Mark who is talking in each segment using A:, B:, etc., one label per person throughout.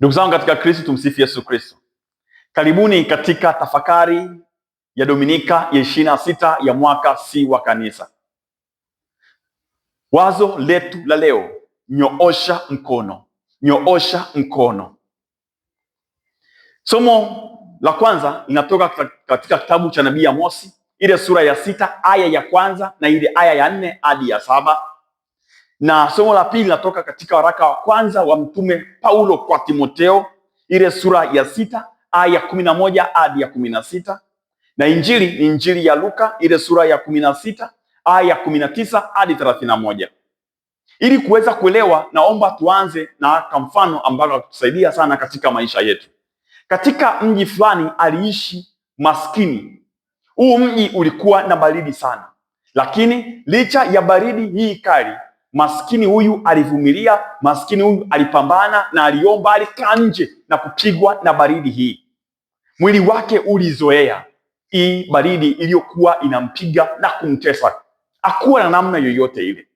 A: Ndugu zangu katika Kristo, tumsifu Yesu Kristo. Karibuni katika tafakari ya Dominika ya ishirini na sita ya mwaka si wa Kanisa. Wazo letu la leo, nyoosha mkono, nyoosha mkono. Somo la kwanza linatoka katika kitabu cha nabii Amosi, ile sura ya sita aya ya kwanza na ile aya ya nne hadi ya saba na somo la pili linatoka katika waraka wa kwanza wa mtume Paulo kwa Timoteo, ile sura ya sita aya ya kumi na moja hadi ya kumi na sita na injili ni injili ya Luka ile sura ya kumi na sita aya ya kumi na tisa hadi thelathini na moja Ili kuweza kuelewa, naomba tuanze na mfano ambalo atusaidia sana katika maisha yetu. Katika mji fulani aliishi maskini. Huu mji ulikuwa na baridi sana, lakini licha ya baridi hii kali Maskini huyu alivumilia, maskini huyu alipambana na aliomba, alikaa nje na kupigwa na baridi hii. Mwili wake ulizoea hii baridi iliyokuwa inampiga na kumtesa, hakuwa na namna yoyote ile.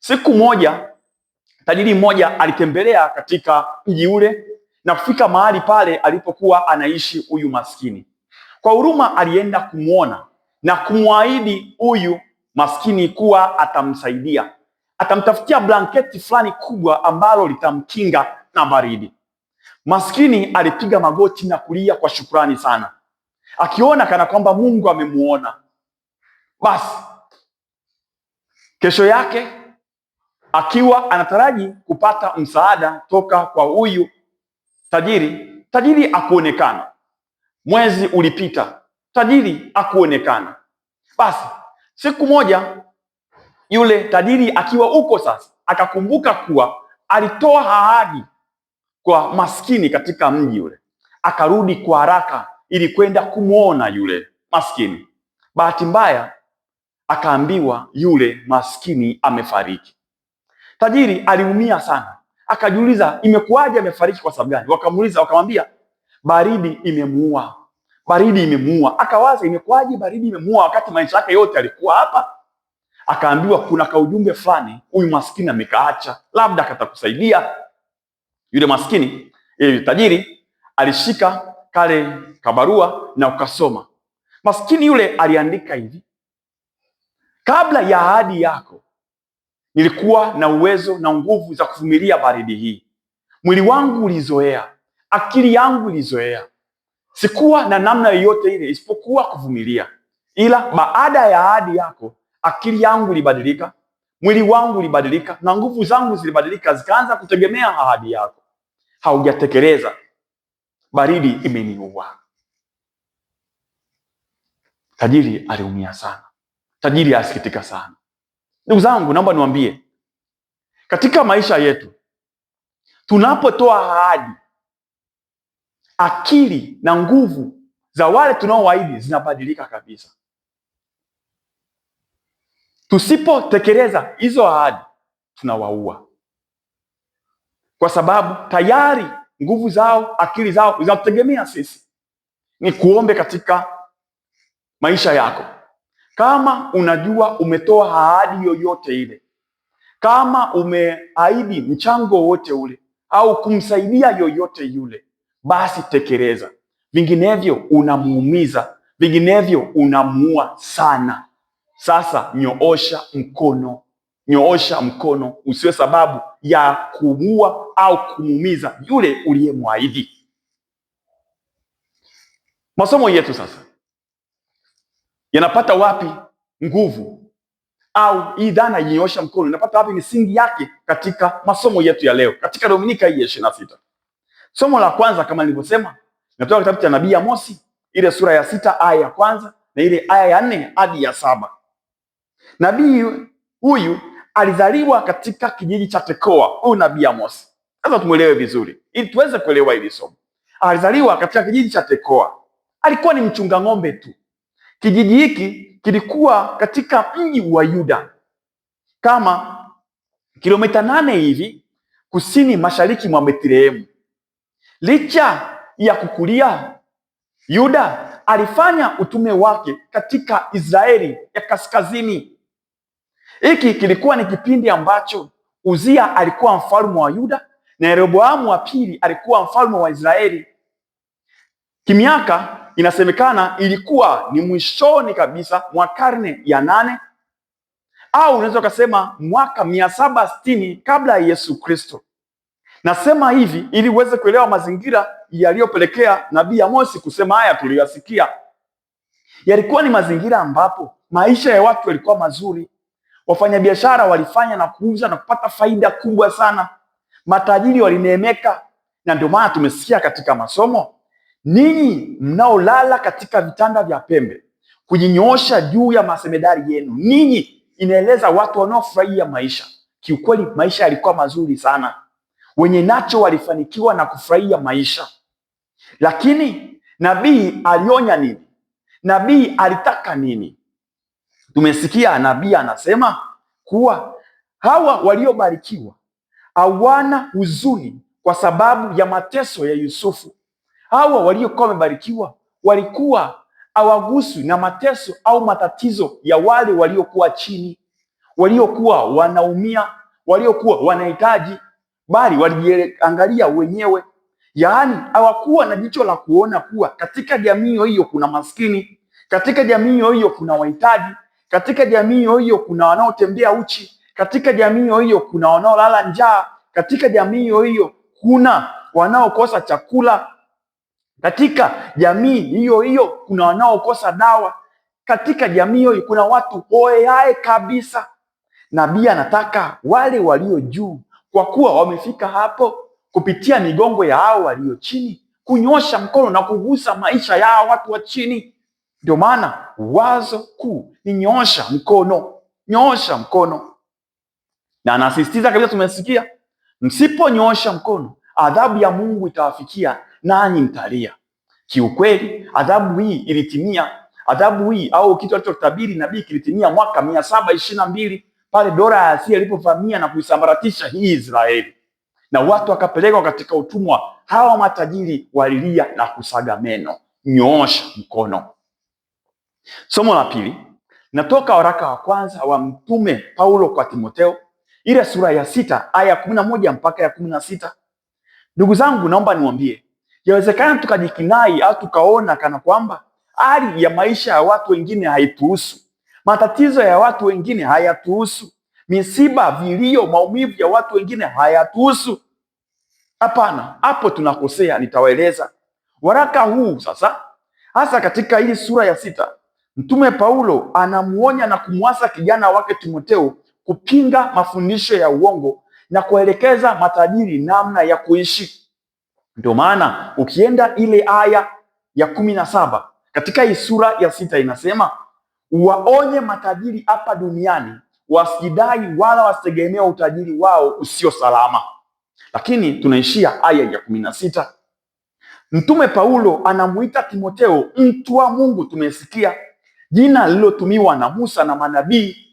A: Siku moja tajiri mmoja alitembelea katika mji ule na kufika mahali pale alipokuwa anaishi huyu maskini. Kwa huruma, alienda kumwona na kumwahidi huyu maskini kuwa atamsaidia atamtafutia blanketi fulani kubwa ambalo litamkinga na baridi. Maskini alipiga magoti na kulia kwa shukrani sana, akiona kana kwamba Mungu amemuona. Basi kesho yake akiwa anataraji kupata msaada toka kwa huyu tajiri, tajiri akuonekana. Mwezi ulipita, tajiri akuonekana. Basi siku moja yule tajiri akiwa huko sasa akakumbuka kuwa alitoa ahadi kwa maskini katika mji yule, akarudi kwa haraka ili kwenda kumwona yule maskini. Bahati mbaya akaambiwa yule maskini amefariki. Tajiri aliumia sana, akajiuliza imekuwaje, amefariki kwa sababu gani? Wakamuuliza, wakamwambia baridi imemuua, baridi imemuua. Akawaza imekuwaje baridi imemuua, wakati maisha yake yote alikuwa hapa akaambiwa kuna kaujumbe fulani huyu maskini amekaacha, labda katakusaidia. Yule maskini yule tajiri alishika kale kabarua na ukasoma. Maskini yule aliandika hivi: kabla ya ahadi yako nilikuwa na uwezo na nguvu za kuvumilia baridi hii. Mwili wangu ulizoea, akili yangu ilizoea, sikuwa na namna yoyote ile isipokuwa kuvumilia, ila baada ya ahadi yako akili yangu ilibadilika, mwili wangu ulibadilika na nguvu zangu zilibadilika, zikaanza kutegemea ahadi yako. Haujatekeleza, baridi imeniua. Tajiri aliumia sana, tajiri asikitika sana. Ndugu zangu, naomba niwambie katika maisha yetu tunapotoa ahadi, akili na nguvu za wale tunaowaahidi zinabadilika kabisa. Tusipotekeleza hizo ahadi, tunawaua kwa sababu tayari nguvu zao, akili zao zinatutegemea sisi. Ni kuombe katika maisha yako, kama unajua umetoa ahadi yoyote ile, kama umeahidi mchango wowote ule au kumsaidia yoyote yule, basi tekeleza, vinginevyo unamuumiza, vinginevyo unamuua sana. Sasa nyoosha mkono, nyoosha mkono, usiwe sababu ya kumua au kumuumiza yule uliyemwahidi. Masomo yetu sasa yanapata wapi nguvu au hii dhana inyoosha nyoosha mkono inapata wapi misingi yake katika masomo yetu ya leo, katika Dominika hii ya ishirini na sita? Somo la kwanza kama nilivyosema, natoka kitabu cha nabii Amosi ile sura ya sita aya ya kwanza na ile aya ya nne hadi ya saba. Nabii huyu alizaliwa katika kijiji cha Tekoa. Huyu nabii Amos. sasa tumwelewe vizuri ili tuweze kuelewa hili somo. Alizaliwa katika kijiji cha Tekoa, alikuwa ni mchunga ng'ombe tu. Kijiji hiki kilikuwa katika mji wa Yuda kama kilomita nane hivi kusini mashariki mwa betlehemu Licha ya kukulia Yuda, alifanya utume wake katika Israeli ya kaskazini hiki kilikuwa ni kipindi ambacho Uzia alikuwa mfalme wa Yuda na Yeroboamu wa pili alikuwa mfalme wa Israeli. Kimiaka inasemekana ilikuwa ni mwishoni kabisa mwa karne ya nane au unaweza ukasema mwaka mia saba sitini kabla ya Yesu Kristo. Nasema hivi ili uweze kuelewa mazingira yaliyopelekea nabii Amosi kusema haya tuliyoyasikia. Yalikuwa ni mazingira ambapo maisha ya watu yalikuwa mazuri, Wafanyabiashara walifanya na kuuza na kupata faida kubwa sana, matajiri walineemeka. Na ndio maana tumesikia katika masomo, ninyi mnaolala katika vitanda vya pembe, kujinyoosha juu ya masemedari yenu, ninyi inaeleza watu wanaofurahia maisha. Kiukweli maisha yalikuwa mazuri sana, wenye nacho walifanikiwa na kufurahia maisha. Lakini nabii alionya nini? Nabii alitaka nini? Tumesikia nabii anasema kuwa hawa waliobarikiwa hawana huzuni kwa sababu ya mateso ya Yusufu. Hawa waliokuwa wamebarikiwa walikuwa hawaguswi na mateso au matatizo ya wale waliokuwa chini, waliokuwa wanaumia, waliokuwa wanahitaji, bali walijiangalia wenyewe. Yaani hawakuwa na jicho la kuona kuwa katika jamii hiyo kuna maskini, katika jamii hiyo kuna wahitaji, katika jamii hiyo kuna wanaotembea uchi, katika jamii hiyo kuna wanaolala njaa, katika jamii hiyo kuna wanaokosa chakula, katika jamii hiyo hiyo kuna wanaokosa dawa, katika jamii hiyo kuna watu hoehae kabisa. Nabii anataka wale walio juu, kwa kuwa wamefika hapo kupitia migongo ya hao walio chini, kunyosha mkono na kugusa maisha yao watu wa chini. Ndio maana wazo kuu ni nyoosha mkono, nyoosha mkono. Na anasisitiza kabisa, tumesikia, msiponyoosha mkono adhabu ya Mungu itawafikia nanyi mtalia. Kiukweli adhabu hii ilitimia, adhabu hii au kitu alichotabiri nabii kilitimia mwaka mia saba ishirini na mbili pale dola ya Asia ilipovamia na kuisambaratisha hii Israeli na watu wakapelekwa katika utumwa. Hawa matajiri walilia na kusaga meno. Nyoosha mkono. Somo la pili Natoka waraka wa kwanza wa Mtume Paulo kwa Timoteo ile sura ya sita aya ya kumi na moja mpaka ya kumi na sita. Ndugu zangu, naomba niwambie, yawezekana tukajikinai au tukaona kana kwamba hali ya maisha ya watu wengine haituhusu, matatizo ya watu wengine hayatuhusu, misiba, vilio, maumivu ya watu wengine hayatuhusu. Hapana, hapo tunakosea. Nitawaeleza waraka huu sasa, hasa katika hii sura ya sita Mtume Paulo anamwonya na kumwasa kijana wake timoteo kupinga mafundisho ya uongo na kuelekeza matajiri namna ya kuishi. Ndio maana ukienda ile aya ya kumi na saba katika hii sura ya sita inasema, waonye matajiri hapa duniani wasijidai wala wasitegemea utajiri wao usio salama. Lakini tunaishia aya ya kumi na sita. Mtume Paulo anamwita Timoteo mtu wa Mungu, tumesikia jina lililotumiwa na Musa na manabii.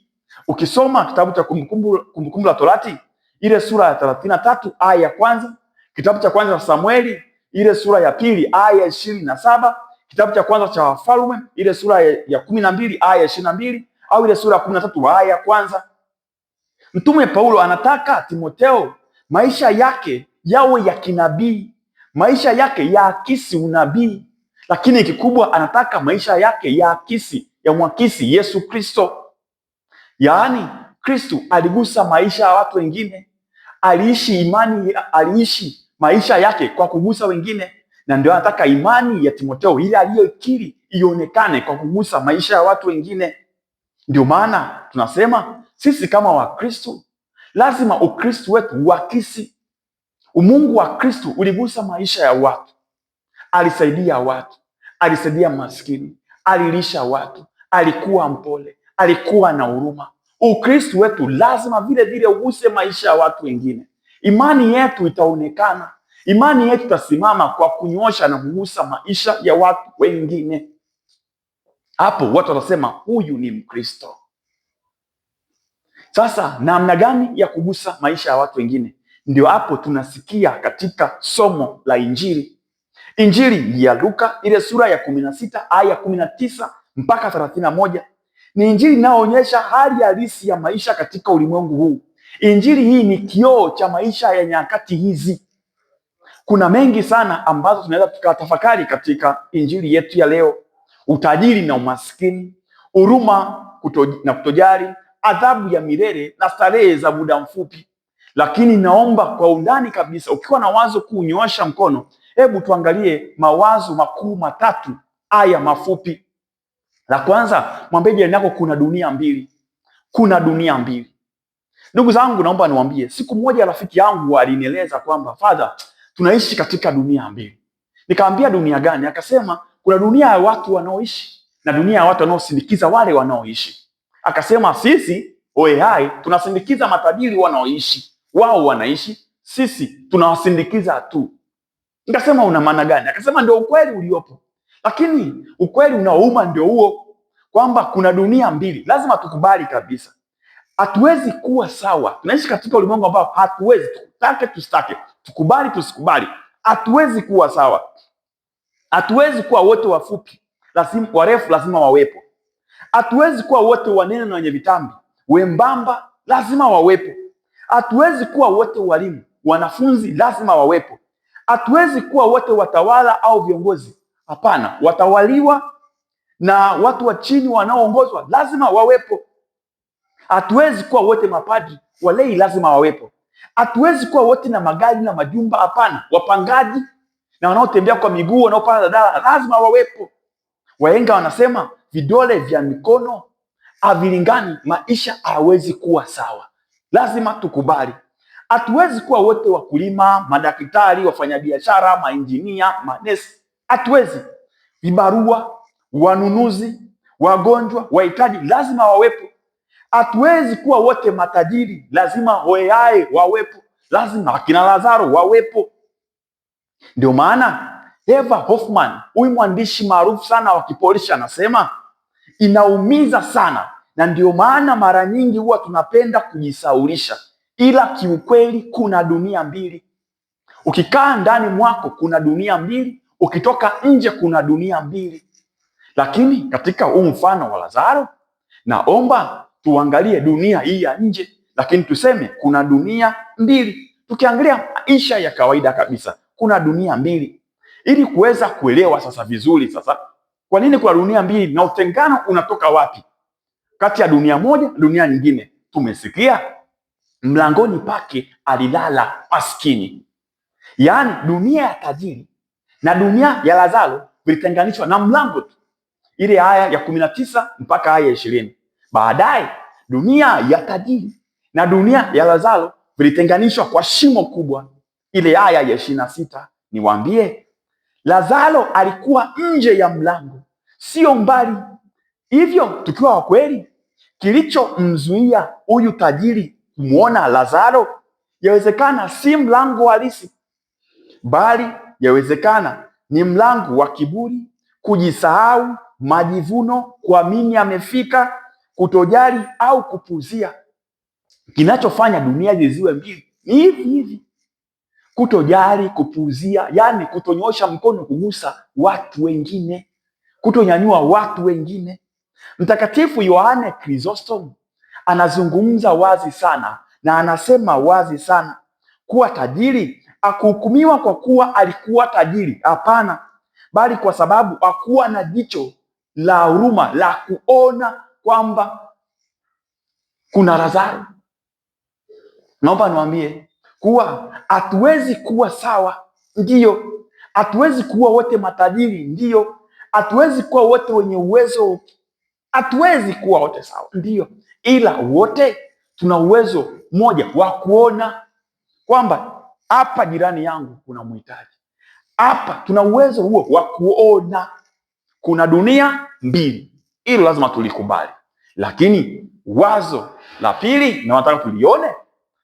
A: Ukisoma kitabu cha Kumbukumbu, Kumbukumbu la Torati ile sura ya thelathini na tatu aya ya kwanza, kitabu cha kwanza cha Samueli ile sura ya pili aya ya ishirini na saba, kitabu cha kwanza cha Wafalme ile sura ya kumi na mbili aya ya ishirini na mbili au ile sura ya kumi na tatu aya ya kwanza. Mtume Paulo anataka Timotheo maisha yake yawe ya kinabii, maisha yake yaakisi unabii lakini kikubwa anataka maisha yake ya akisi ya mwakisi Yesu Kristo. Yaani Kristu aligusa maisha ya watu wengine, aliishi imani, aliishi maisha yake kwa kugusa wengine, na ndio anataka imani ya timoteo ile aliyokiri ionekane kwa kugusa maisha ya watu wengine. Ndio maana tunasema sisi kama Wakristu lazima Ukristu wetu uakisi umungu wa Kristo uligusa maisha ya watu Alisaidia watu, alisaidia maskini, alilisha watu, alikuwa mpole, alikuwa na huruma. Ukristo wetu lazima vile vile uguse maisha ya watu wengine. Imani yetu itaonekana, imani yetu itasimama kwa kunyosha na kugusa maisha ya watu wengine. Hapo watu watasema huyu ni Mkristo. Sasa namna gani ya kugusa maisha ya watu wengine? Ndio hapo tunasikia katika somo la Injili Injili ya Luka ile sura ya kumi na sita aya kumi na tisa mpaka thelathini na moja ni injili inayoonyesha hali halisi ya maisha katika ulimwengu huu. Injili hii ni kioo cha maisha ya nyakati hizi. Kuna mengi sana ambazo tunaweza tukatafakari katika injili yetu ya leo: utajiri na umaskini, huruma na kutojali, adhabu ya milele na starehe za muda mfupi. Lakini naomba kwa undani kabisa, ukiwa na wazo kuunyoosha mkono Hebu tuangalie mawazo makuu matatu haya mafupi. La kwanza, mwambie jirani yako kuna dunia mbili, kuna dunia mbili. Ndugu zangu, naomba niwambie, siku moja rafiki yangu alinieleza kwamba fadha, tunaishi katika dunia mbili. Nikaambia dunia gani? Akasema kuna dunia ya watu wanaoishi na dunia ya watu wanaosindikiza wale wanaoishi. Akasema sisi OAI tunasindikiza matajiri wanaoishi, wao wanaishi, sisi tunawasindikiza tu. Nikasema una maana gani? Akasema ndio ukweli uliopo, lakini ukweli unaouma ndio huo, kwamba kuna dunia mbili. Lazima tukubali kabisa, hatuwezi kuwa sawa. Tunaishi katika ulimwengu ambao hatuwezi, tutake tustake, tukubali tusikubali, hatuwezi kuwa sawa. Hatuwezi kuwa wote wafupi, lazima warefu, lazima wawepo. Hatuwezi kuwa wote wanene na wenye vitambi, wembamba lazima wawepo. Hatuwezi kuwa wote walimu, wanafunzi lazima wawepo. Hatuwezi kuwa wote watawala au viongozi, hapana. Watawaliwa na watu wa chini wanaoongozwa lazima wawepo. Hatuwezi kuwa wote mapadri, walei lazima wawepo. Hatuwezi kuwa wote na magari na majumba, hapana. Wapangaji na wanaotembea kwa miguu, wanaopanda dadala lazima wawepo. Wahenga wanasema vidole vya mikono havilingani, maisha hayawezi kuwa sawa. Lazima tukubali Hatuwezi kuwa wote wakulima, madaktari, wafanyabiashara, mainjinia, manesi, hatuwezi. Vibarua, wanunuzi, wagonjwa, wahitaji lazima wawepo. Hatuwezi kuwa wote matajiri, lazima hoeae wawepo, lazima akina Lazaro wawepo. Ndio maana Eva Hoffman, huyu mwandishi maarufu sana wa kipolisi anasema inaumiza sana, na ndio maana mara nyingi huwa tunapenda kujisaulisha ila kiukweli kuna dunia mbili. Ukikaa ndani mwako kuna dunia mbili, ukitoka nje kuna dunia mbili. Lakini katika huu mfano wa Lazaro, naomba tuangalie dunia hii ya nje, lakini tuseme kuna dunia mbili. Tukiangalia maisha ya kawaida kabisa, kuna dunia mbili, ili kuweza kuelewa sasa vizuri. Sasa kwa nini kuna dunia mbili na utengano unatoka wapi kati ya dunia moja dunia nyingine? Tumesikia mlangoni pake alilala maskini. Yaani dunia ya tajiri na dunia ya Lazaro vilitenganishwa na mlango tu, ile aya ya kumi na tisa mpaka aya ya ishirini. Baadaye dunia ya tajiri na dunia ya Lazaro vilitenganishwa kwa shimo kubwa, ile aya ya ishirini na sita. Niwaambie, Lazaro alikuwa nje ya mlango, sio mbali. Hivyo tukiwa wa kweli, kilichomzuia huyu tajiri kumwona Lazaro? Yawezekana si mlango halisi, bali yawezekana ni mlango wa kiburi, kujisahau, majivuno, kuamini amefika, kutojali au kupuzia. Kinachofanya dunia ziziwe mbili ni hivi hivi, kutojali, kupuuzia, yani kutonyosha mkono kugusa watu wengine, kutonyanyua watu wengine. Mtakatifu Yohane krisostom anazungumza wazi sana na anasema wazi sana kuwa tajiri akuhukumiwa kwa kuwa alikuwa tajiri. Hapana, bali kwa sababu hakuwa na jicho la huruma la kuona kwamba kuna razari. Naomba niwaambie kuwa hatuwezi kuwa sawa, ndiyo. Hatuwezi kuwa wote matajiri, ndiyo. Hatuwezi kuwa wote wenye uwezo, hatuwezi kuwa wote sawa, ndiyo ila wote tuna uwezo mmoja wa kuona kwamba hapa jirani yangu kuna mhitaji hapa. Tuna uwezo huo wa kuona kuna dunia mbili, hilo lazima tulikubali. Lakini wazo la pili na nataka tulione,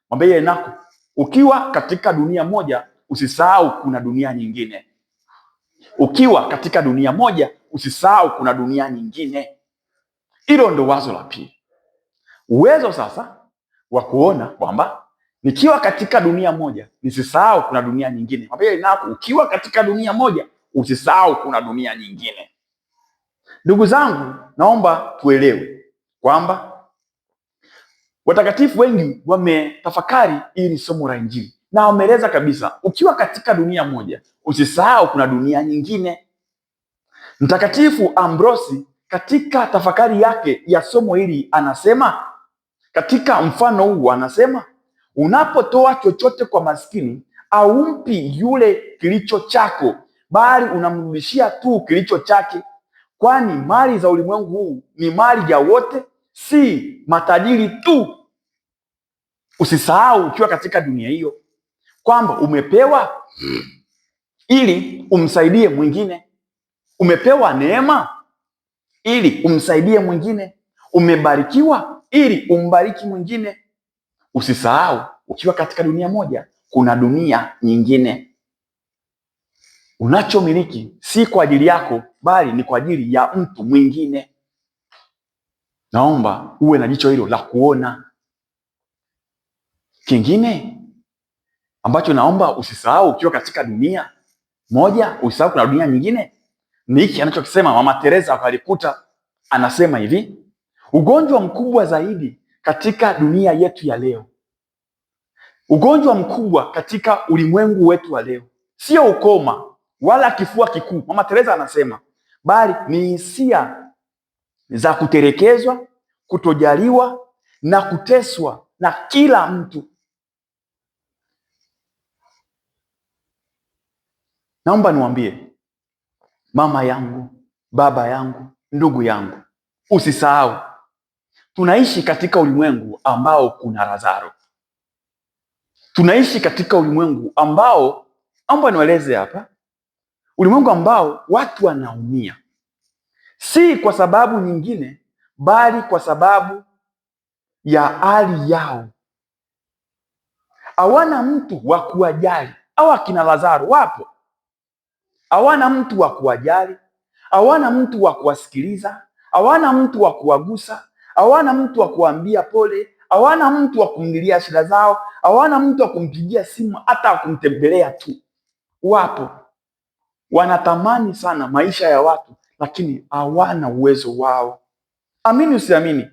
A: mwambie nako, ukiwa katika dunia moja usisahau kuna dunia nyingine. Ukiwa katika dunia moja usisahau kuna dunia nyingine. Hilo ndo wazo la pili uwezo sasa wa kuona kwamba nikiwa katika dunia moja nisisahau kuna dunia nyingine. nako, ukiwa katika dunia moja usisahau kuna dunia nyingine. Ndugu zangu, naomba tuelewe kwamba watakatifu wengi wametafakari ni somo la Injili na wameeleza kabisa, ukiwa katika dunia moja usisahau kuna dunia nyingine. Mtakatifu Ambrosi katika tafakari yake ya somo hili anasema katika mfano huu anasema, unapotoa chochote kwa maskini aumpi yule kilicho chako, bali unamrudishia tu kilicho chake, kwani mali za ulimwengu huu ni mali ya wote, si matajiri tu. Usisahau ukiwa katika dunia hiyo kwamba umepewa ili umsaidie mwingine, umepewa neema ili umsaidie mwingine, umebarikiwa ili umbariki mwingine. Usisahau, ukiwa katika dunia moja kuna dunia nyingine. Unachomiliki si kwa ajili yako, bali ni kwa ajili ya mtu mwingine. Naomba uwe na jicho hilo la kuona. Kingine ambacho naomba usisahau ukiwa katika dunia moja, usisahau kuna dunia nyingine, ni hiki anachokisema Mama Teresa akalikuta, anasema hivi Ugonjwa mkubwa zaidi katika dunia yetu ya leo, ugonjwa mkubwa katika ulimwengu wetu wa leo sio ukoma wala kifua kikuu, Mama Teresa anasema, bali ni hisia za kuterekezwa, kutojaliwa na kuteswa na kila mtu. Naomba niwambie mama yangu, baba yangu, ndugu yangu, usisahau Tunaishi katika ulimwengu ambao kuna Lazaro, tunaishi katika ulimwengu ambao amba niwaeleze hapa, ulimwengu ambao watu wanaumia, si kwa sababu nyingine, bali kwa sababu ya hali yao. Hawana mtu wa kuwajali. Au akina Lazaro wapo, hawana mtu wa kuwajali, hawana mtu wa kuwasikiliza, hawana mtu wa kuwagusa hawana mtu wa kuambia pole, hawana mtu wa kumlilia shida zao, hawana mtu wa kumpigia simu hata wa kumtembelea tu. Wapo wanatamani sana maisha ya watu, lakini hawana uwezo wao. Amini usiamini,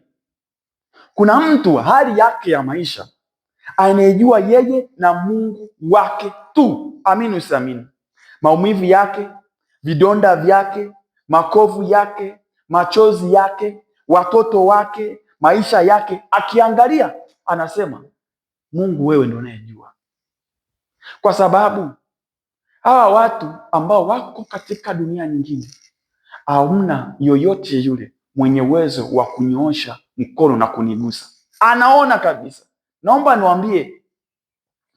A: kuna mtu hali yake ya maisha anayejua yeye na Mungu wake tu. Amini usiamini, maumivu yake, vidonda vyake, makovu yake, machozi yake watoto wake, maisha yake, akiangalia anasema Mungu, wewe ndio unayejua, kwa sababu hawa watu ambao wako katika dunia nyingine, hamna yoyote yule mwenye uwezo wa kunyoosha mkono na kunigusa. Anaona kabisa. Naomba niwaambie,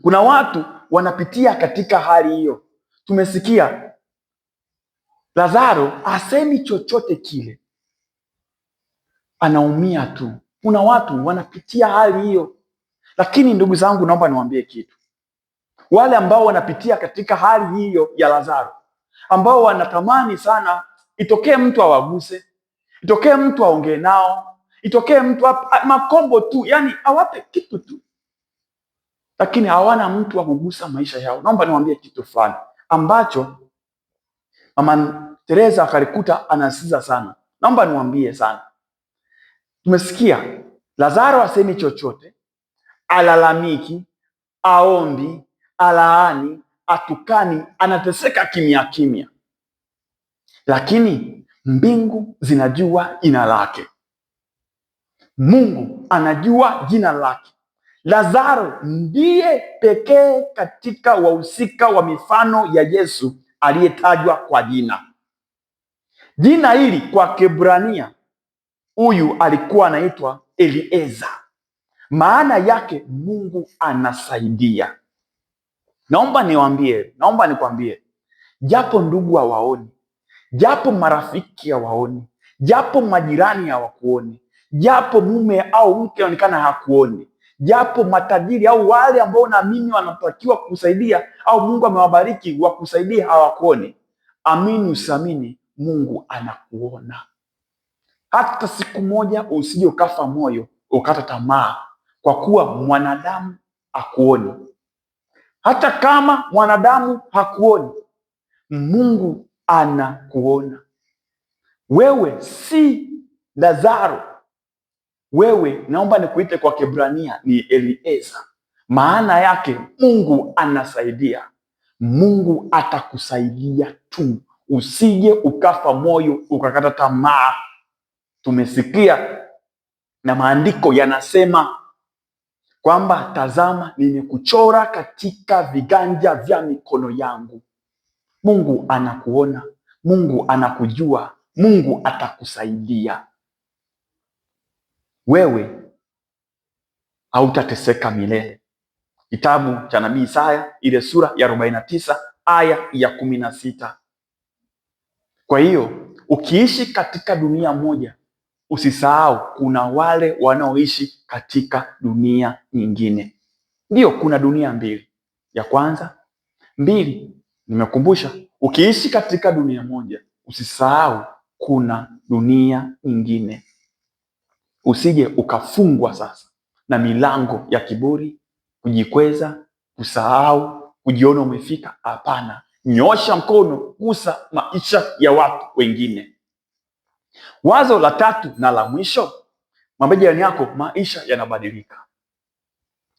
A: kuna watu wanapitia katika hali hiyo. Tumesikia Lazaro asemi chochote kile, anaumia tu. Kuna watu wanapitia hali hiyo, lakini ndugu zangu, naomba niwaambie kitu. Wale ambao wanapitia katika hali hiyo ya Lazaro, ambao wanatamani sana itokee mtu awaguse, itokee mtu aongee nao, itokee mtu makombo tu, yani awape kitu tu, lakini hawana mtu wa kugusa maisha yao. Naomba niwaambie kitu fulani ambacho mama Teresa akalikuta anasiza sana. Naomba niwaambie sana Tumesikia Lazaro asemi chochote, alalamiki, aombi, alaani, atukani, anateseka kimya kimya, lakini mbingu zinajua jina lake. Mungu anajua jina lake. Lazaro ndiye pekee katika wahusika wa mifano ya Yesu aliyetajwa kwa jina. Jina hili kwa Kiebrania huyu alikuwa anaitwa Elieza, maana yake Mungu anasaidia. Naomba niwaambie, naomba nikwambie, japo ndugu hawaoni, japo marafiki hawaoni, japo majirani hawakuoni, japo mume au mke anaonekana hakuoni, japo matajiri au wale ambao naamini wanatakiwa kusaidia au Mungu amewabariki wakusaidia hawakuoni, amini usiamini, Mungu anakuona hata siku moja usije ukafa moyo ukata tamaa, kwa kuwa mwanadamu akuoni. Hata kama mwanadamu hakuoni, Mungu anakuona wewe, si Lazaro. Wewe naomba nikuite kwa kebrania ni Eliezer, maana yake Mungu anasaidia. Mungu atakusaidia tu, usije ukafa moyo ukakata tamaa tumesikia na maandiko yanasema kwamba tazama, nimekuchora katika viganja vya mikono yangu. Mungu anakuona, Mungu anakujua, Mungu atakusaidia wewe, hautateseka milele. Kitabu cha nabii Isaya ile sura ya arobaini na tisa aya ya kumi na sita. Kwa hiyo ukiishi katika dunia moja usisahau kuna wale wanaoishi katika dunia nyingine. Ndiyo, kuna dunia mbili. Ya kwanza mbili, nimekumbusha ukiishi katika dunia moja, usisahau kuna dunia nyingine, usije ukafungwa sasa na milango ya kiburi, kujikweza, kusahau, kujiona umefika. Hapana, nyosha mkono, gusa maisha ya watu wengine. Wazo la tatu na la mwisho, mwambie jirani yako, maisha yanabadilika.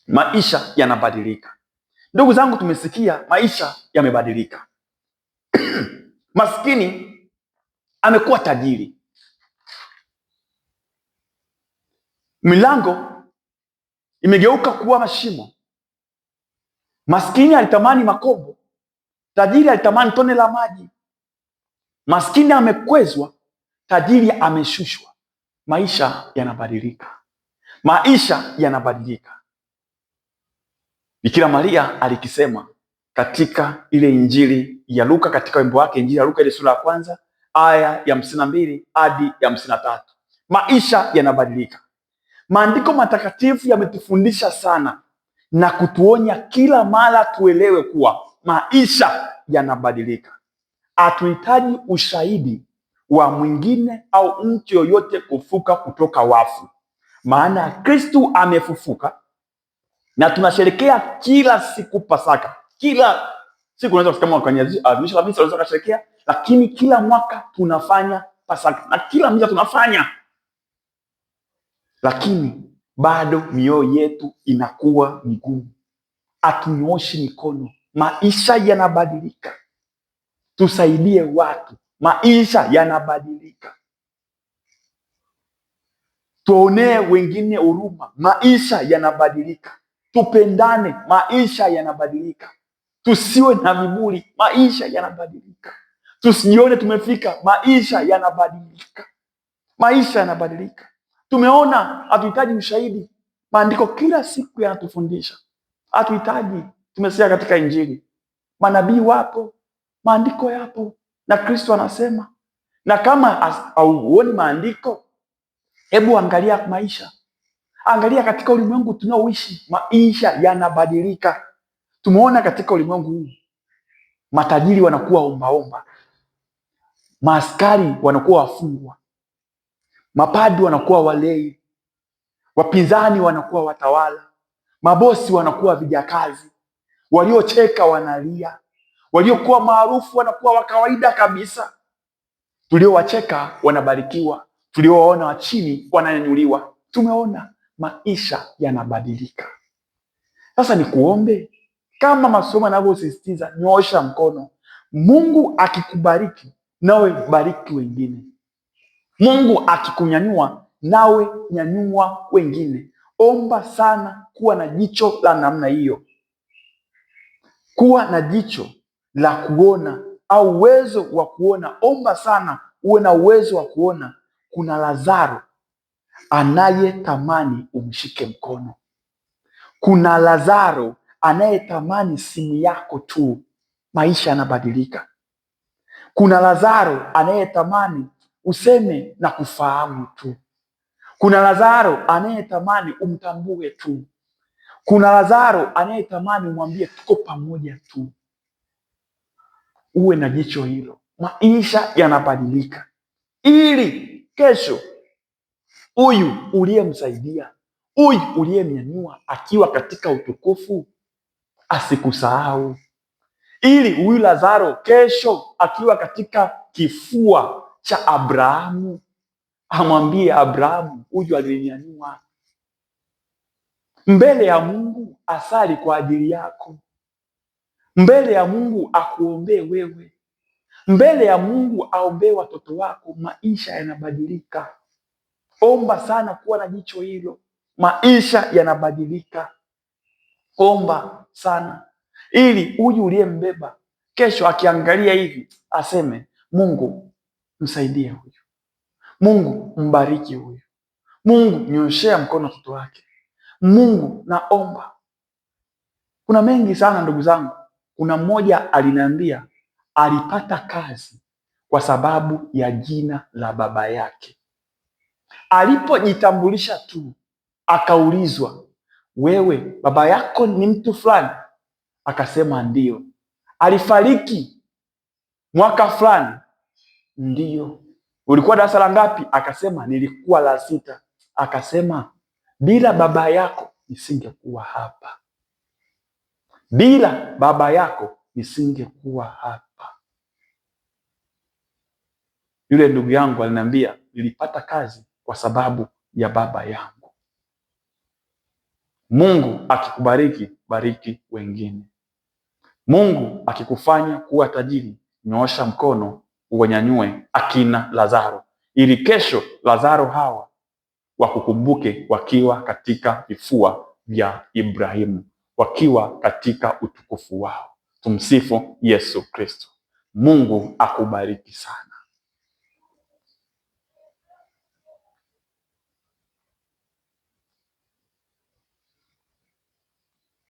A: Maisha yanabadilika. Ndugu zangu, tumesikia maisha yamebadilika. Maskini amekuwa tajiri, milango imegeuka kuwa mashimo. Maskini alitamani makobo, tajiri alitamani tone la maji. Maskini amekwezwa tajiri ameshushwa, maisha yanabadilika, maisha yanabadilika. Bikira Maria alikisema katika ile Injili ya Luka, katika wimbo wake Injili ya Luka ile sura ya kwanza aya ya hamsini na mbili hadi ya hamsini na tatu. Maisha yanabadilika. Maandiko matakatifu yametufundisha sana na kutuonya kila mara tuelewe kuwa maisha yanabadilika. Hatuhitaji ushahidi wa mwingine au mtu yoyote kufuka kutoka wafu, maana Kristu amefufuka na tunasherekea kila siku Pasaka. Kila siku unaweza kufika mwaka adhimisho la misa unaweza kusherekea, lakini kila mwaka tunafanya Pasaka na kila mja tunafanya, lakini bado mioyo yetu inakuwa migumu, hatunyoshi mikono, maisha yanabadilika. Tusaidie watu Maisha yanabadilika, tuonee wengine huruma. Maisha yanabadilika, tupendane. Maisha yanabadilika, tusiwe na viburi. Maisha yanabadilika, tusijione tumefika. Maisha yanabadilika, maisha yanabadilika. Tumeona, hatuhitaji ushahidi. Maandiko kila siku yanatufundisha, hatuhitaji. Tumesikia katika Injili, manabii wapo, maandiko yapo na Kristo anasema, na kama hauoni maandiko, hebu angalia maisha, angalia katika ulimwengu tunaoishi. Maisha yanabadilika. Tumeona katika ulimwengu huu matajiri wanakuwa ombaomba, maaskari wanakuwa wafungwa, mapadi wanakuwa walei, wapinzani wanakuwa watawala, mabosi wanakuwa vijakazi, waliocheka wanalia, Waliokuwa maarufu wanakuwa wa kawaida kabisa, tuliowacheka wanabarikiwa, tuliowaona wa chini wananyanyuliwa. Tumeona maisha yanabadilika. Sasa ni kuombe kama masomo yanavyosisitiza, nyoosha mkono. Mungu akikubariki nawe bariki wengine. Mungu akikunyanyua nawe nyanyua wengine. Omba sana kuwa na jicho la namna hiyo, kuwa na jicho la kuona au uwezo wa kuona. Omba sana uwe na uwezo wa kuona. Kuna Lazaro anayetamani umshike mkono. Kuna Lazaro anayetamani simu yako tu, maisha yanabadilika. Kuna Lazaro anayetamani useme na kufahamu tu. Kuna Lazaro anayetamani umtambue tu. Kuna Lazaro anayetamani umwambie tuko pamoja tu uwe na jicho hilo. Maisha yanabadilika, ili kesho huyu uliyemsaidia, huyu uliyemnyanyua akiwa katika utukufu asikusahau, ili huyu Lazaro kesho akiwa katika kifua cha Abrahamu amwambie Abrahamu, huyu alinyanyua mbele ya Mungu, asali kwa ajili yako mbele ya Mungu akuombee wewe, mbele ya Mungu aombee watoto wako. Maisha yanabadilika. Omba sana, kuwa na jicho hilo. Maisha yanabadilika, omba sana, ili huyu uliyembeba kesho akiangalia hivi aseme, Mungu msaidie huyu, Mungu mbariki huyu, Mungu nyoshea mkono watoto wake. Mungu naomba. Kuna mengi sana ndugu zangu kuna mmoja aliniambia alipata kazi kwa sababu ya jina la baba yake. Alipojitambulisha tu akaulizwa, wewe baba yako ni mtu fulani? Akasema ndiyo. Alifariki mwaka fulani? Ndiyo. Ulikuwa darasa la ngapi? Akasema nilikuwa la sita. Akasema bila baba yako nisingekuwa hapa. Bila baba yako nisingekuwa hapa. Yule ndugu yangu aliniambia nilipata kazi kwa sababu ya baba yangu. Mungu akikubariki, bariki wengine. Mungu akikufanya kuwa tajiri, nyoosha mkono uwanyanyue akina Lazaro, ili kesho Lazaro hawa wakukumbuke wakiwa katika vifua vya Ibrahimu wakiwa katika utukufu wao. Tumsifu Yesu Kristo. Mungu akubariki sana.